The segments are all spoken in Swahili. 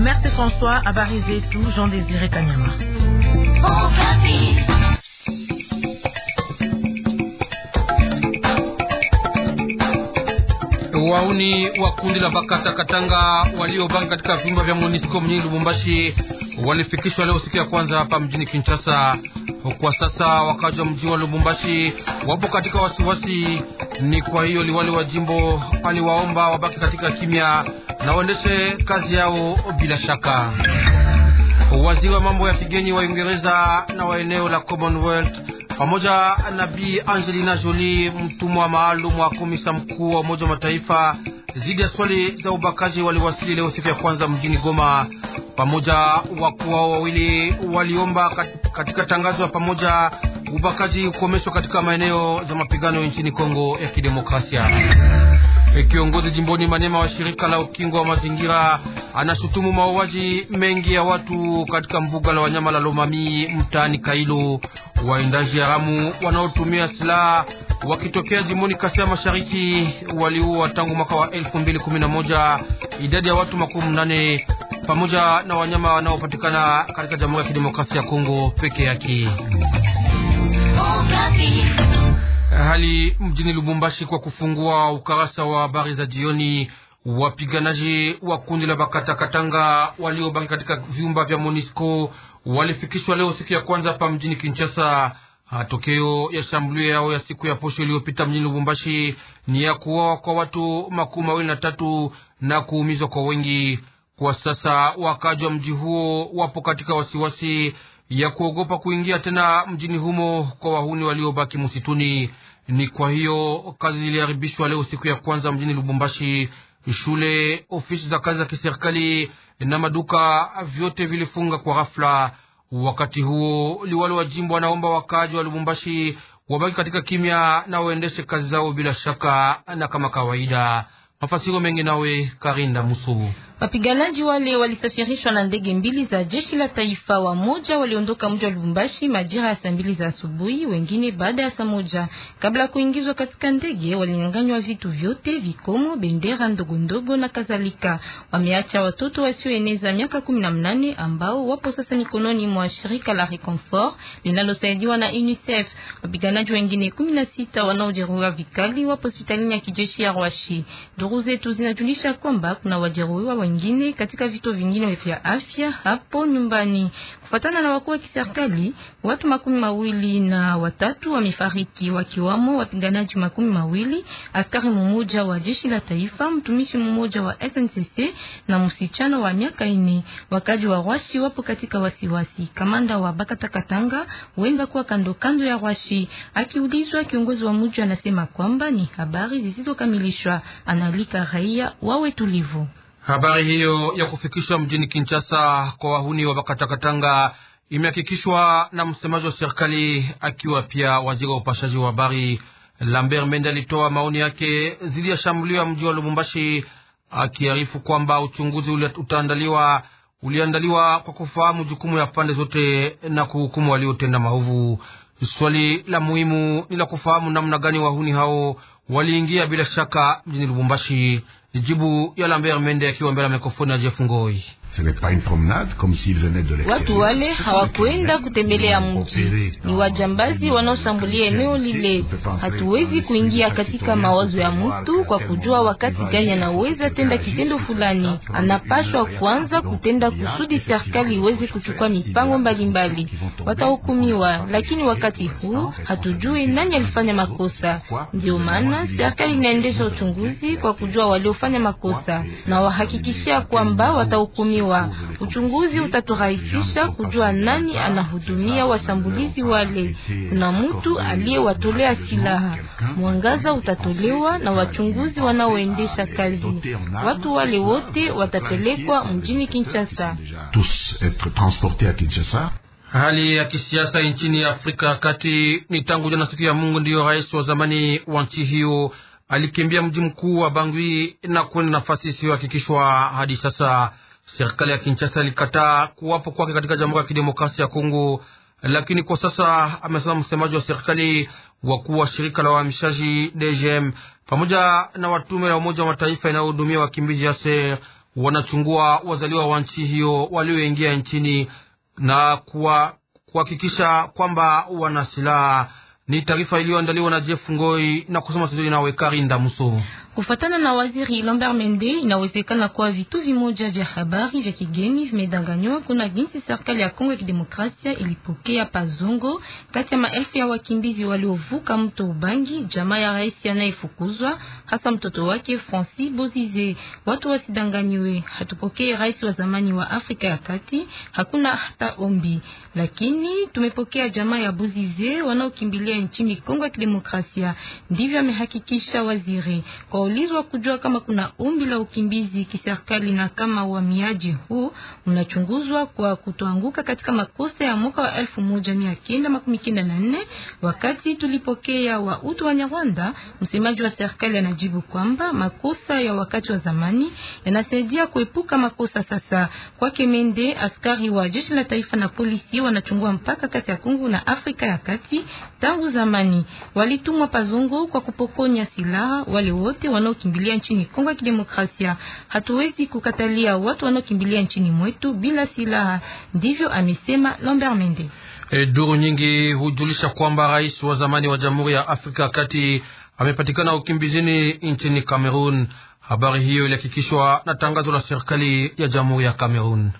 Merte François, habari zetu, Jean Désiré Okapi. Wauni wa kundi la Bakata Katanga waliobanga katika vyumba vya MONUSCO mjini Lubumbashi walifikishwa leo siku ya kwanza hapa mjini Kinshasa. Kwa sasa wakazi wa mji wa Lubumbashi wapo katika wasiwasi. Ni kwa hiyo liwali wa jimbo aliwaomba wabaki katika kimya na waendeshe kazi yao bila shaka. Waziri wa mambo ya kigeni wa Uingereza na wa eneo la Commonwealth pamoja na Bi Angelina Jolie, mtumwa maalum wa komisa mkuu wa Umoja wa Mataifa zidi ya swali za ubakaji, waliwasili leo siku ya kwanza mjini Goma. Pamoja wakuu wao wawili waliomba katika tangazo ya pamoja ubakaji ukomeshwa katika maeneo za mapigano nchini Kongo ya Kidemokrasia. E kiongozi jimboni manema wa shirika la ukingo wa mazingira anashutumu mauaji mengi ya watu katika mbuga la wanyama la Lomami mtaani Kailo. Waendaji haramu wanaotumia silaha wakitokea jimboni kasia Mashariki waliua tangu mwaka wa 2011 idadi ya watu makumi nane pamoja na wanyama wanaopatikana katika Jamhuri ya Kidemokrasia ya Kongo peke yake. Hali mjini Lubumbashi kwa kufungua ukarasa wa habari za jioni, wapiganaji wa kundi la Bakatakatanga waliobaki katika vyumba vya MONUSCO walifikishwa leo siku ya kwanza hapa mjini Kinshasa. Matokeo ya shambulio yao ya siku ya posho iliyopita mjini Lubumbashi ni ya kuuawa kwa watu makumi mawili na tatu na kuumizwa kwa wengi. Kwa sasa wakaji wa mji huo wapo katika wasiwasi ya kuogopa kuingia tena mjini humo kwa wahuni waliobaki msituni. Ni kwa hiyo kazi ziliharibishwa leo siku ya kwanza mjini Lubumbashi. Shule, ofisi za kazi za kiserikali na maduka vyote vilifunga kwa ghafla. Wakati huo liwali wa jimbo wanaomba wakaaji wa Lubumbashi wabaki katika kimya na waendeshe kazi zao bila shaka na kama kawaida. Mafasiro mengi nawe Karinda Musu. Wapiganaji wale walisafirishwa na ndege mbili za jeshi la taifa. Wamoja waliondoka mji wa Lubumbashi majira ya saa mbili za asubuhi, wengine baada ya saa moja. Kabla ya kuingizwa katika ndege, walinyang'anywa vitu vyote, vikomo, bendera ndogo ndogo na kadhalika. Wameacha watoto wasioeneza miaka kumi na mnane ambao wapo sasa mikononi mwa shirika la Reconfort linalosaidiwa na UNICEF. Wapiganaji wengine kumi na sita wanaojeruhiwa vikali wapo hospitalini ya kijeshi ya Rwashi. Ndugu zetu zinajulisha kwamba kuna wajeruhiwa wengine katika vituo vingine vya afya hapo nyumbani. Kufuatana na wakuu wa kiserikali, watu makumi mawili na watatu wamefariki wakiwamo wapiganaji makumi mawili, askari mmoja wa jeshi la taifa, mtumishi mmoja wa SNCC na msichana wa miaka ine. Wakaji wa Rwashi wapo katika wasiwasi. Kamanda wa Bakatakatanga huenda kuwa kando kando ya Rwashi. Akiulizwa, kiongozi wa mji anasema kwamba ni habari zisizokamilishwa, analika raia wawe tulivu. Habari hiyo ya kufikishwa mjini Kinshasa kwa wahuni wa Bakatakatanga imehakikishwa na msemaji wa serikali akiwa pia waziri wa upashaji wa habari. Lambert Mende alitoa maoni yake dhidi ya shambulio ya mji wa Lubumbashi, akiarifu kwamba uchunguzi utaandaliwa uliandaliwa kwa kufahamu jukumu ya pande zote na kuhukumu waliotenda maovu. Swali la muhimu ni la kufahamu namna gani wahuni hao waliingia bila shaka mjini Lubumbashi. Jibu ya Lambert Mende akiwa mbele ya mikrofoni ya Jeff Ngoi. Watu wale hawakuenda kutembelea mji, ni wajambazi wanaoshambulia eneo lile. Hatuwezi kuingia katika mawazo ya mtu kwa kujua wakati gani anaweza tenda kitendo fulani. Anapashwa kuanza kutenda kusudi serikali iweze kuchukua mipango mbalimbali. Watahukumiwa, lakini wakati huu hatujui nani alifanya makosa. Ndio maana serikali inaendesha uchunguzi kwa kujua walio waliofanya makosa na wahakikishia kwamba watahukumiwa. Uchunguzi utaturahisisha kujua nani anahudumia washambulizi wale. Kuna mtu aliyewatolea silaha. Mwangaza utatolewa na wachunguzi wanaoendesha kazi. Watu wale wote watapelekwa mjini Kinshasa. Hali ya kisiasa nchini Afrika Kati ni tangu jana siku ya Mungu ndiyo rais wa zamani wa nchi hiyo alikimbia mji mkuu wa Bangui na kwenda nafasi isiyohakikishwa hadi sasa. Serikali ya Kinshasa ilikataa kuwapo kwake katika Jamhuri ya Kidemokrasia ya Kongo, lakini kwa sasa, amesema msemaji wa serikali, wakuu wa shirika la wahamishaji DGM pamoja na watume la Umoja wa Mataifa inayohudumia wakimbizi yase wanachungua wazaliwa wa nchi hiyo walioingia nchini na kuhakikisha kwamba wana silaha. Ni taarifa iliyoandaliwa na Jeff Ngoi na kusoma studio na Wekarinda Muso. Kufatana na waziri Lambert Mende, inawezekana kuwa vitu vimoja vya habari vya kigeni vimedanganywa kuna jinsi serikali ya Kongo ya Kidemokrasia ilipokea pazungo kati ya maelfu ya wakimbizi waliovuka mto Ubangi, jamaa ya rais anayefukuzwa hasa mtoto wake Francis Bozize. Watu wasidanganywe, hatupokee rais wa zamani wa Afrika ya Kati, hakuna hata ombi, lakini tumepokea jamaa ya Bozize wanaokimbilia nchini Kongo ya Kidemokrasia. Ndivyo amehakikisha waziri kwa waulizwa kujua kama kuna ombi la ukimbizi kiserikali na kama uhamiaji huu unachunguzwa kwa kutoanguka katika makosa ya mwaka wa elfu moja mia kenda makumi kenda na nne wakati tulipokea wa utu wa Nyarwanda. Msemaji wa serikali anajibu kwamba makosa ya wakati wa zamani yanasaidia kuepuka makosa sasa. Kwa Kemende, askari wa jeshi la taifa na polisi wanachungua mpaka kati ya Kongo na Afrika ya Kati. Tangu zamani walitumwa pazungu kwa kupokonya silaha wale wote wanaokimbilia nchini Kongo ya Kidemokrasia. Hatuwezi kukatalia watu wanaokimbilia nchini mwetu bila silaha, ndivyo amesema Lambert Mende. E, duru nyingi hujulisha kwamba rais wa zamani wa Jamhuri ya Afrika Kati amepatikana ukimbizini nchini Kamerun. Habari hiyo ilihakikishwa na tangazo la serikali ya Jamhuri ya Kamerun.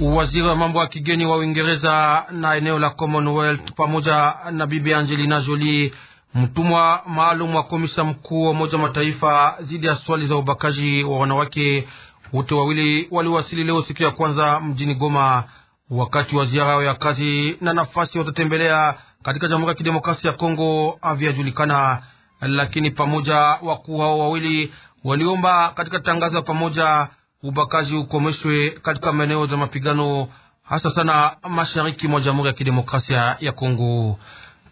Waziri wa mambo ya kigeni wa Uingereza na eneo la Commonwealth pamoja na bibi Angelina Jolie Mtumwa maalum wa komisa mkuu wa Umoja Mataifa dhidi ya swali za ubakaji wa wanawake, wote wawili waliwasili leo siku ya kwanza mjini Goma. Wakati wa ziara yao ya kazi na nafasi watatembelea katika Jamhuri ya Kidemokrasia ya Kongo haviyajulikana, lakini pamoja wakuu hao wawili waliomba katika tangazo ya pamoja ubakaji ukomeshwe katika maeneo za mapigano, hasa sana mashariki mwa Jamhuri ya Kidemokrasia ya Kongo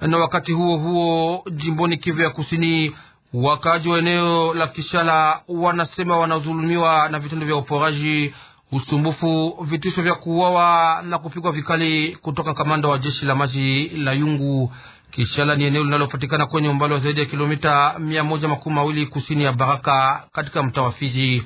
na wakati huo huo jimboni Kivu ya Kusini, wakaaji wa eneo la Kishala wanasema wanazulumiwa na vitendo vya uporaji, usumbufu, vitisho vya kuuawa na kupigwa vikali kutoka kamanda wa jeshi la maji la Yungu. Kishala ni eneo linalopatikana kwenye umbali wa zaidi ya kilomita mia moja makumi mawili kusini ya Baraka katika mtaa wa Fizi.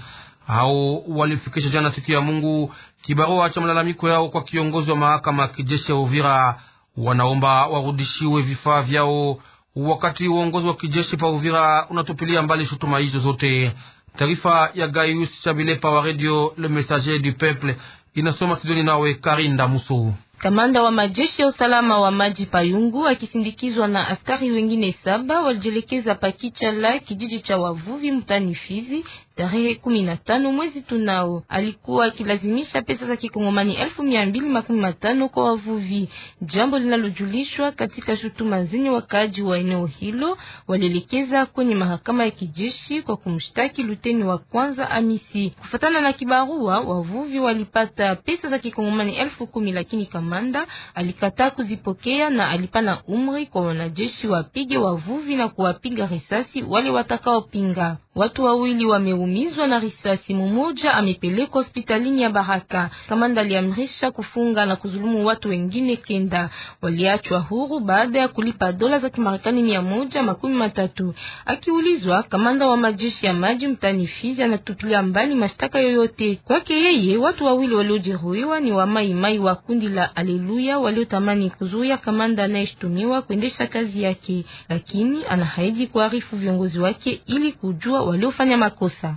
Hao walifikisha jana siku ya Mungu kibarua cha malalamiko yao kwa kiongozi wa mahakama ya kijeshi ya Uvira wanaomba warudishiwe vifaa vyao, wakati uongozi wa kijeshi pa Uvira unatupilia mbali shutuma hizo zote. Taarifa ya Gaius Chabilepa wa Radio Le Messager du Peuple inasoma Sidoni nawe Karinda Muso. Kamanda wa majeshi ya usalama wa maji Payungu akisindikizwa na askari wengine saba walijelekeza pakicha la kijiji cha wavuvi mtani Fizi tarehe kumi na tano mwezi tunao, alikuwa akilazimisha pesa za kikongomani elfu mia mbili makumi matano kwa wavuvi, jambo linalojulishwa katika shutuma zenye wakaaji wa eneo hilo walielekeza kwenye mahakama ya kijeshi kwa kumshtaki luteni wa kwanza Amisi. Kufatana na kibarua, wavuvi walipata pesa za kikongomani elfu kumi lakini kamanda alikataa kuzipokea na alipana umri kwa wanajeshi wapige wavuvi na kuwapiga risasi wale watakaopinga. Watu wawili wameumizwa na risasi, mmoja amepelekwa hospitalini ya Baraka. Kamanda aliamrisha kufunga na kuzulumu watu wengine kenda, waliachwa huru baada ya kulipa dola za Kimarekani mia moja makumi matatu. Akiulizwa, kamanda wa majeshi ya maji mtani Fizi anatupilia mbali mashtaka yoyote kwake. Yeye watu wawili waliojeruhiwa ni wa maimai wa kundi la Aleluya waliotamani kuzuia kamanda anayeshtumiwa kuendesha kazi yake, lakini anahaidi kuarifu viongozi wake ili kujua waliofanya makosa.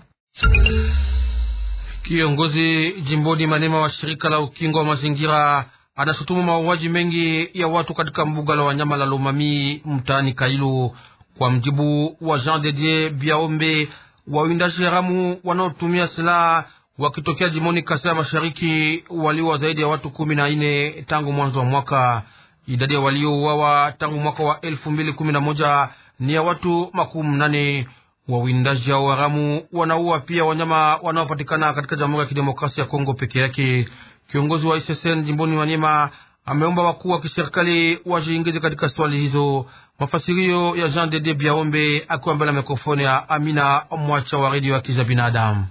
Kiongozi jimboni Manema wa shirika la ukingo wa mazingira anashutumu mauaji mengi ya watu katika mbuga la wanyama la Lomami mtaani Kailo. Kwa mjibu wa Jean Dedier Biaombe, wawindaji haramu wanaotumia silaha wakitokea jimoni Kasai Mashariki waliwa zaidi ya watu kumi na nne tangu mwanzo wa mwaka. Idadi ya waliouawa tangu mwaka wa elfu mbili kumi na moja ni ya watu makumi nane. Wawindaji hao haramu wanaua pia wanyama wanaopatikana katika Jamhuri ya Kidemokrasia ya Kongo peke yake. Kiongozi wa SSN jimboni Maniema ameomba wakuu wa kiserikali wajiingize katika swali hizo. Mafasirio ya Jean Dede Biaombe akiwa mbele ya mikrofoni ya Amina Mwacha wa redio ya Kiza Binadamu.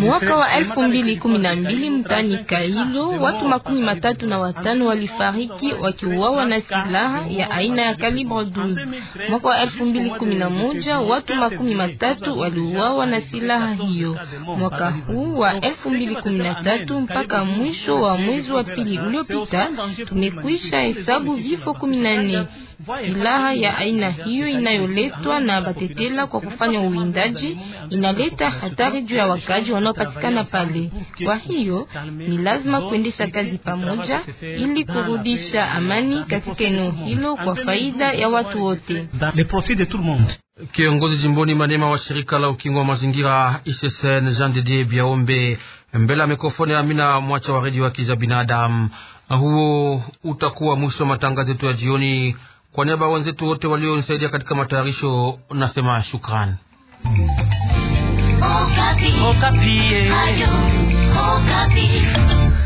Mwaka wa elfu mbili kumi na mbili mtani Kailo watu makumi matatu na watano walifariki wakiuawa na silaha ya aina ya kalibre 12. Mwaka wa elfu mbili kumi na moja watu makumi matatu waliuawa na silaha hiyo. Mwaka huu wa elfu mbili kumi na tatu mpaka mwisho wa mwezi wa pili uliopita tumekwisha hesabu vifo kumi na nne. Silaha ya aina hiyo inayoletwa na Batetela kwa kufanya uwindaji inaleta hatari juu ya wakaji wanaopatikana pale. Kwa hiyo ni lazima kuendesha kazi pamoja ili kurudisha amani katika eneo hilo kwa faida ya watu wote. Kiongozi jimboni Manema wa shirika la ukingo wa mazingira ISSN Jean Didier Biaombe mbele ya mikrofoni ya Amina Mwacha wa redio wa kiza binadamu. Huo utakuwa mwisho wa matangazo yetu ya jioni. Kwa niaba wenzetu wote walionisaidia katika matayarisho, nasema shukrani. Okapi. Oh, Okapi. Oh, eh.